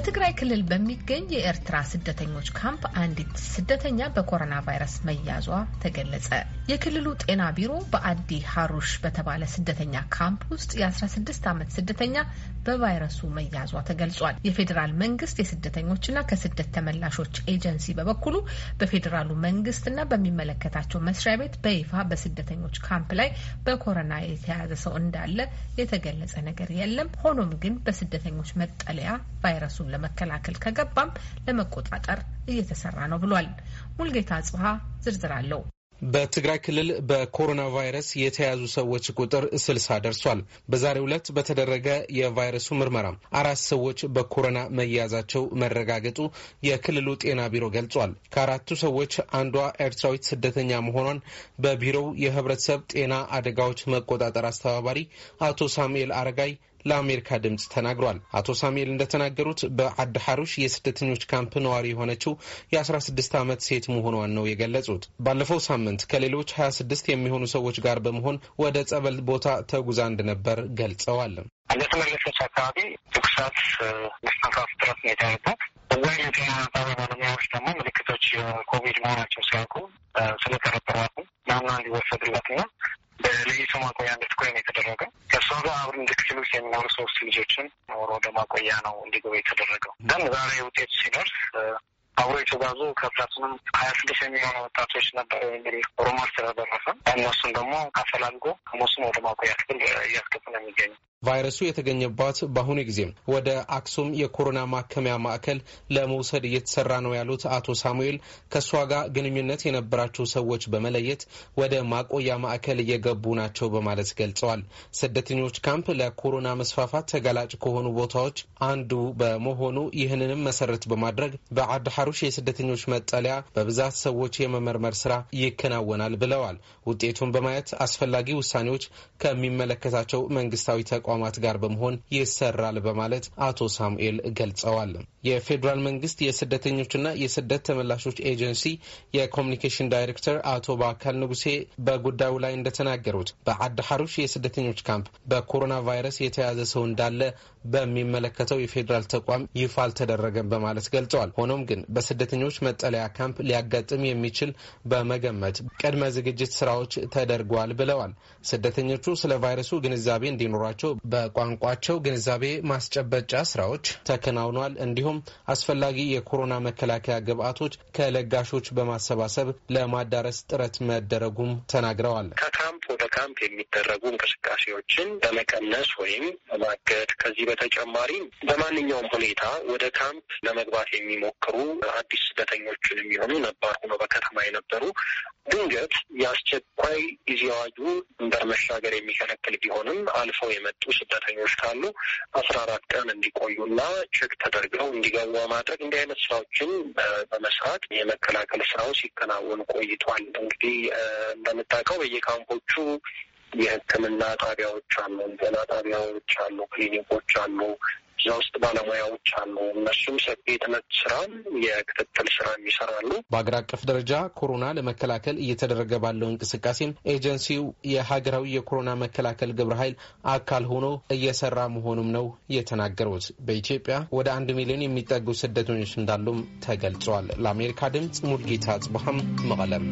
በትግራይ ክልል በሚገኝ የኤርትራ ስደተኞች ካምፕ አንዲት ስደተኛ በኮሮና ቫይረስ መያዟ ተገለጸ። የክልሉ ጤና ቢሮ በአዲ ሀሩሽ በተባለ ስደተኛ ካምፕ ውስጥ የ16 ዓመት ስደተኛ በቫይረሱ መያዟ ተገልጿል። የፌዴራል መንግስት የስደተኞችና ከስደት ተመላሾች ኤጀንሲ በበኩሉ በፌዴራሉ መንግስትና በሚመለከታቸው መስሪያ ቤት በይፋ በስደተኞች ካምፕ ላይ በኮሮና የተያዘ ሰው እንዳለ የተገለጸ ነገር የለም። ሆኖም ግን በስደተኞች መጠለያ ቫይረሱ ችግሩን ለመከላከል ከገባም ለመቆጣጠር እየተሰራ ነው ብሏል። ሙልጌታ ጽሀ ዝርዝር አለው። በትግራይ ክልል በኮሮና ቫይረስ የተያዙ ሰዎች ቁጥር ስልሳ ደርሷል። በዛሬው ዕለት በተደረገ የቫይረሱ ምርመራ አራት ሰዎች በኮሮና መያዛቸው መረጋገጡ የክልሉ ጤና ቢሮ ገልጿል። ከአራቱ ሰዎች አንዷ ኤርትራዊት ስደተኛ መሆኗን በቢሮው የህብረተሰብ ጤና አደጋዎች መቆጣጠር አስተባባሪ አቶ ሳሙኤል አረጋይ ለአሜሪካ ድምፅ ተናግሯል። አቶ ሳሙኤል እንደተናገሩት በአድ ሐሩሽ የስደተኞች ካምፕ ነዋሪ የሆነችው የ16 ዓመት ሴት መሆኗን ነው የገለጹት። ባለፈው ሳምንት ከሌሎች 26 የሚሆኑ ሰዎች ጋር በመሆን ወደ ጸበል ቦታ ተጉዛ እንደነበር ገልጸዋል። እንደተመለሰች አካባቢ ትኩሳት፣ መስተንፋስ ጥረት ነው የተያዩበት። እዛ የጤና ጣቢያ ባለሙያዎች ደግሞ ምልክቶች የኮቪድ መሆናቸው ሲያውቁ ስለተረጠሯት ናምና እንዲወሰድላት ነው ለይቶ ማቆያ እንድትቆይ ነው የተደረገው። ከእሷ ጋር አብር ክፍል ውስጥ የሚኖሩ ሶስት ልጆችን ኖሮ ወደ ማቆያ ነው እንዲገቡ የተደረገው። ግን ዛሬ ውጤት ሲደርስ አብሮ የተጓዙ ከፕላትንም ሀያ ስድስት የሚሆኑ ወጣቶች ነበር እንግዲህ ሮማ ስለደረሰ እነሱን ደግሞ አፈላልጎ ከሞሱም ወደ ማቆያ ክፍል እያስገቡ ነው የሚገኙ ቫይረሱ የተገኘባት በአሁኑ ጊዜ ወደ አክሱም የኮሮና ማከሚያ ማዕከል ለመውሰድ እየተሰራ ነው ያሉት አቶ ሳሙኤል ከእሷ ጋር ግንኙነት የነበራቸው ሰዎች በመለየት ወደ ማቆያ ማዕከል እየገቡ ናቸው በማለት ገልጸዋል። ስደተኞች ካምፕ ለኮሮና መስፋፋት ተጋላጭ ከሆኑ ቦታዎች አንዱ በመሆኑ ይህንንም መሰረት በማድረግ በአድ ሐሩሽ የስደተኞች መጠለያ በብዛት ሰዎች የመመርመር ስራ ይከናወናል ብለዋል። ውጤቱን በማየት አስፈላጊ ውሳኔዎች ከሚመለከታቸው መንግስታዊ ተቋ ተቋማት ጋር በመሆን ይሰራል በማለት አቶ ሳሙኤል ገልጸዋል። የፌዴራል መንግስት የስደተኞችና የስደት ተመላሾች ኤጀንሲ የኮሚኒኬሽን ዳይሬክተር አቶ በአካል ንጉሴ በጉዳዩ ላይ እንደተናገሩት በአድ ሐሩሽ የስደተኞች ካምፕ በኮሮና ቫይረስ የተያዘ ሰው እንዳለ በሚመለከተው የፌዴራል ተቋም ይፋ አልተደረገም በማለት ገልጸዋል። ሆኖም ግን በስደተኞች መጠለያ ካምፕ ሊያጋጥም የሚችል በመገመት ቅድመ ዝግጅት ስራዎች ተደርጓል ብለዋል። ስደተኞቹ ስለ ቫይረሱ ግንዛቤ እንዲኖራቸው በቋንቋቸው ግንዛቤ ማስጨበጫ ስራዎች ተከናውኗል። እንዲሁም አስፈላጊ የኮሮና መከላከያ ግብዓቶች ከለጋሾች በማሰባሰብ ለማዳረስ ጥረት መደረጉም ተናግረዋል። ካምፕ የሚደረጉ እንቅስቃሴዎችን በመቀነስ ወይም በማገድ ከዚህ በተጨማሪ በማንኛውም ሁኔታ ወደ ካምፕ ለመግባት የሚሞክሩ አዲስ ስደተኞችን የሚሆኑ ነባር ሆኖ በከተማ የነበሩ ድንገት የአስቸኳይ ጊዜ አዋጁ ድንበር መሻገር የሚከለክል ቢሆንም አልፈው የመጡ ስደተኞች ካሉ አስራ አራት ቀን እንዲቆዩና ቼክ ተደርገው እንዲገቡ በማድረግ እንዲህ አይነት ስራዎችን በመስራት የመከላከል ስራው ሲከናወን ቆይቷል። እንግዲህ እንደምታውቀው በየካምፖቹ የሕክምና ጣቢያዎች አሉ፣ ጤና ጣቢያዎች አሉ፣ ክሊኒኮች አሉ። እዛ ውስጥ ባለሙያዎች አሉ። እነሱም ሰፊ የትምህርት ስራም የክትትል ስራ ይሰራሉ። በሀገር አቀፍ ደረጃ ኮሮና ለመከላከል እየተደረገ ባለው እንቅስቃሴም ኤጀንሲው የሀገራዊ የኮሮና መከላከል ግብረ ኃይል አካል ሆኖ እየሰራ መሆኑም ነው የተናገሩት። በኢትዮጵያ ወደ አንድ ሚሊዮን የሚጠጉ ስደተኞች እንዳሉም ተገልጿል። ለአሜሪካ ድምፅ ሙልጌታ ጽቡሃም መቀለም